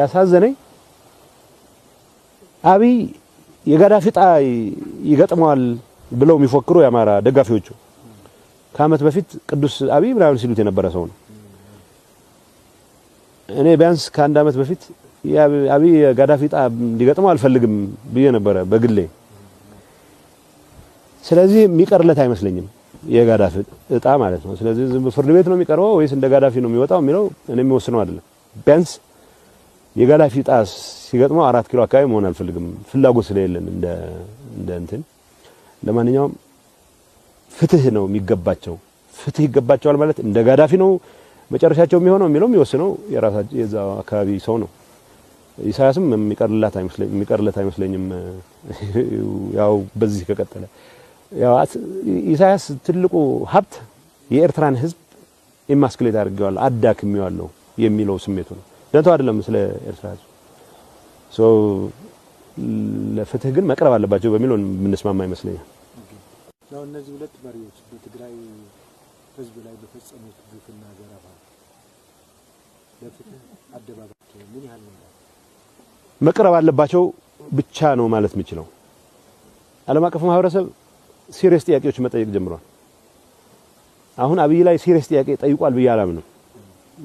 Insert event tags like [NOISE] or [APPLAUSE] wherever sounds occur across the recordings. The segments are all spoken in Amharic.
ያሳዘነኝ አብይ የጋዳፊ ዕጣ ይገጥመዋል ብለው የሚፎክሩ የአማራ ደጋፊዎቹ ከአመት በፊት ቅዱስ አብይ ምናምን ሲሉት የነበረ ሰው ነው። እኔ ቢያንስ ከአንድ አመት በፊት አብይ የጋዳፊ ዕጣ እንዲገጥመው አልፈልግም ብዬ ነበረ በግሌ። ስለዚህ የሚቀርለት አይመስለኝም የጋዳፊ ዕጣ ማለት ነው። ስለዚህ ፍርድ ቤት ነው የሚቀርበው ወይስ እንደ ጋዳፊ ነው የሚወጣው የሚለው እኔ የሚወስነው አይደለም። ቢያንስ የጋላ ፊጣ ሲገጥመው አራት ኪሎ አካባቢ መሆን አልፈልግም፣ ፍላጎት ስለሌለን እንደ እንደ እንትን። ለማንኛውም ፍትህ ነው የሚገባቸው፣ ፍትህ ይገባቸዋል ማለት እንደ ጋዳፊ ነው መጨረሻቸው የሚሆነው የሚለው የሚወስነው የራሳቸው የዛ አካባቢ ሰው ነው። ኢሳያስም የሚቀርላት አይመስለኝም የሚቀርላት [LAUGHS] አይመስለኝም። ያው በዚህ ከቀጠለ ያው ኢሳያስ ትልቁ ሀብት የኤርትራን ህዝብ ኢማስኩሌት አድርጌዋለሁ፣ አዳክሜዋለሁ የሚለው ስሜቱ ነው። ደንተው አይደለም ስለ ኤርትራ ህዝብ ሰው ለፍትህ ግን መቅረብ አለባቸው በሚለው የምንስማማ ይመስለኛል። ያው እነዚህ ሁለት መሪዎች በትግራይ ህዝብ ላይ በፈጸሙት ግፍና ዘረፋ ለፍትህ አደባባቸው ምን ያህል መቅረብ አለባቸው ብቻ ነው ማለት የምችለው። ዓለም አቀፉ ማህበረሰብ ሲሪየስ ጥያቄዎች መጠየቅ ጀምሯል። አሁን አብይ ላይ ሲሪየስ ጥያቄ ጠይቋል ብዬ አላምንም።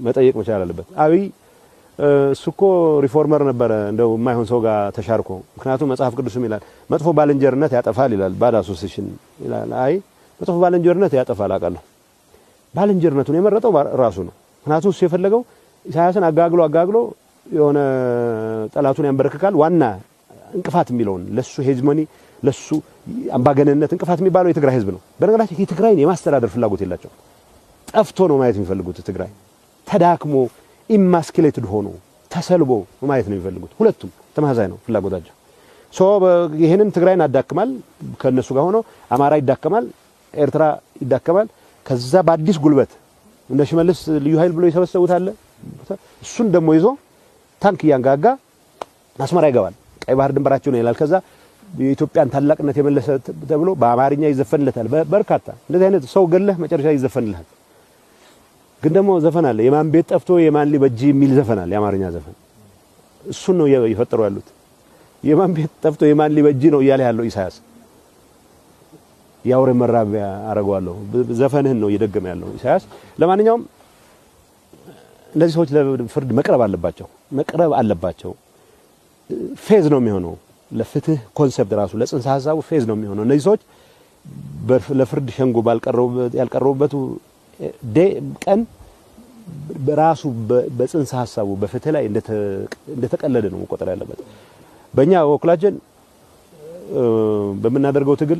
መጠየቅ መቻል አለበት። አብይ እሱ እኮ ሪፎርመር ነበረ እንደው የማይሆን ሰው ጋር ተሻርኮ። ምክንያቱም መጽሐፍ ቅዱስም ይላል መጥፎ ባልንጀርነት ያጠፋል ይላል፣ ባድ አሶሴሽን ይላል። አይ መጥፎ ባልንጀርነት ያጠፋል አውቃለሁ። ባልንጀርነቱን የመረጠው ራሱ ነው። ምክንያቱም እሱ የፈለገው ኢሳያስን አጋግሎ አጋግሎ የሆነ ጠላቱን ያንበረክካል። ዋና እንቅፋት የሚለውን ለሱ ሄጅመኒ ለሱ አምባገነንነት እንቅፋት የሚባለው የትግራይ ህዝብ ነው። በነገራችን የትግራይን የማስተዳደር ፍላጎት የላቸውም። ጠፍቶ ነው ማየት የሚፈልጉት ትግራይ ተዳክሞ ኢማስኪሌትድ ሆኖ ተሰልቦ ማየት ነው የሚፈልጉት። ሁለቱም ተመሳሳይ ነው ፍላጎታቸው። ሶ ይህንን ትግራይን አዳክማል፣ ከነሱ ጋር ሆኖ አማራ ይዳከማል፣ ኤርትራ ይዳከማል። ከዛ በአዲስ ጉልበት እንደ ሽመልስ ልዩ ኃይል ብሎ የሰበሰቡት አለ። እሱን ደግሞ ይዞ ታንክ እያንጋጋ አስመራ ይገባል። ቀይ ባህር ድንበራቸው ነው ይላል። ከዛ የኢትዮጵያን ታላቅነት የመለሰ ተብሎ በአማርኛ ይዘፈንለታል። በርካታ እንደዚህ አይነት ሰው ገለህ መጨረሻ ይዘፈንልሃል። ግን ደግሞ ዘፈን አለ። የማን ቤት ጠፍቶ የማን ሊበጂ የሚል ዘፈን አለ፣ የአማርኛ ዘፈን። እሱን ነው እየፈጠሩ ያሉት። የማን ቤት ጠፍቶ የማን ሊበጂ ነው እያለ ያለው ኢሳያስ። የአውሬ መራቢያ አደርገዋለሁ ዘፈንህን ነው እየደገመ ያለው ኢሳያስ። ለማንኛውም እነዚህ ሰዎች ለፍርድ መቅረብ አለባቸው፣ መቅረብ አለባቸው። ፌዝ ነው የሚሆነው ለፍትህ ኮንሰፕት ራሱ ለጽንሰ ሀሳቡ ፌዝ ነው የሚሆነው። እነዚህ ሰዎች ለፍርድ ሸንጎ ያልቀረቡበት ቀን በራሱ በጽንሰ ሀሳቡ በፍትህ ላይ እንደተቀለደ ነው መቆጠር ያለበት። በእኛ በኩላችን በምናደርገው ትግል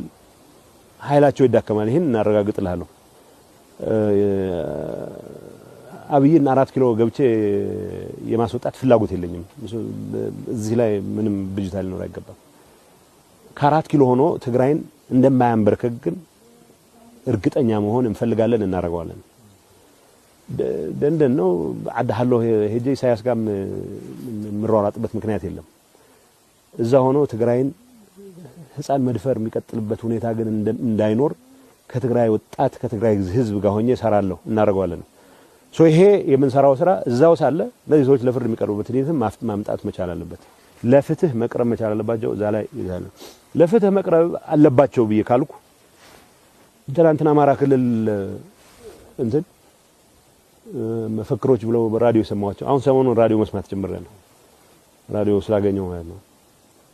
ኃይላቸው ይዳከማል። ይህን እናረጋግጥልሃለሁ። አብይን አራት ኪሎ ገብቼ የማስወጣት ፍላጎት የለኝም። እዚህ ላይ ምንም ብጅታ ሊኖር አይገባም። ከአራት ኪሎ ሆኖ ትግራይን እንደማያንበርከክ ግን እርግጠኛ መሆን እንፈልጋለን፣ እናደርገዋለን። ደንደን ነው ዓዲ ሓለሁ ሄጄ ኢሳያስ ጋር የምሯሯጥበት ምክንያት የለም። እዛ ሆኖ ትግራይን ህፃን መድፈር የሚቀጥልበት ሁኔታ ግን እንዳይኖር ከትግራይ ወጣት ከትግራይ ህዝብ ጋር ሆኜ እሰራለሁ፣ እናደርገዋለን። ሶ ይሄ የምንሰራው ስራ እዛው ሳለ እነዚህ ሰዎች ለፍርድ የሚቀርቡበት ሂደትም ማምጣት መቻል አለበት። ለፍትህ መቅረብ መቻል አለባቸው። እዛ ላይ ለፍትህ መቅረብ አለባቸው ብዬ ካልኩ ትናንትና አማራ ክልል እንትን መፈክሮች ብለው በራዲዮ የሰማኋቸው አሁን ሰሞኑን ራዲዮ መስማት ጀምሬ ነው። ራዲዮ ስላገኘው ማለት ነው።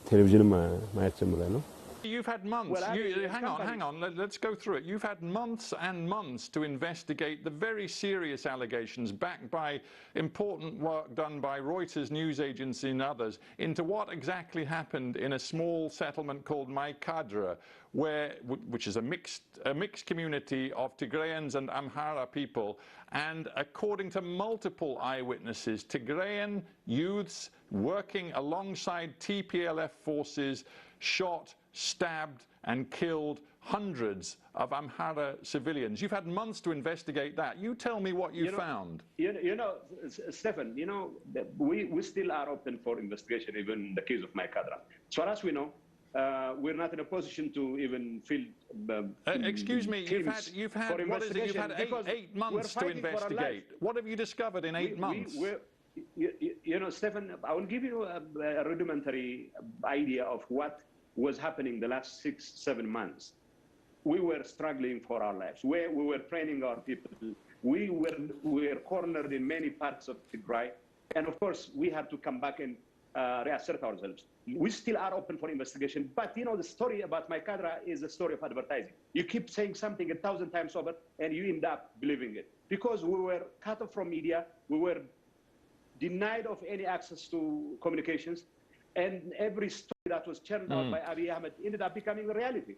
ቴሌቪዥንም ማየት ጀምሬ ነው። You've had months. Well, you, hang on, hang on. Let, us go through it. You've had months and months to investigate the very serious allegations backed by important work done by Reuters news agency and others into what exactly happened in a small settlement called Maikadra, where which is a mixed a mixed community of Tigrayans and Amhara people, and according to multiple eyewitnesses, Tigrayan youths working alongside TPLF forces shot stabbed and killed hundreds of Amhara civilians. You've had months to investigate that. You tell me what you, you know, found. You know, you know, Stefan, you know, we, we still are open for investigation, even in the case of my As far as we know, uh, we're not in a position to even feel. uh, excuse me, you've had, you've had, what is it, you've had eight, eight months to investigate. What have you discovered in eight we, months? We, you, you, know, Stefan, I will give you a, a rudimentary idea of what was happening the last six, seven months. We were struggling for our lives. We, we were training our people. We were, we were cornered in many parts of Tigray. And of course, we had to come back and uh, reassert ourselves. We still are open for investigation. But you know, the story about my cadre is a story of advertising. You keep saying something a thousand times over, and you end up believing it. Because we were cut off from media, we were denied of any access to communications, and every story that was churned out hmm. by Abiy Ahmed ended up becoming a reality.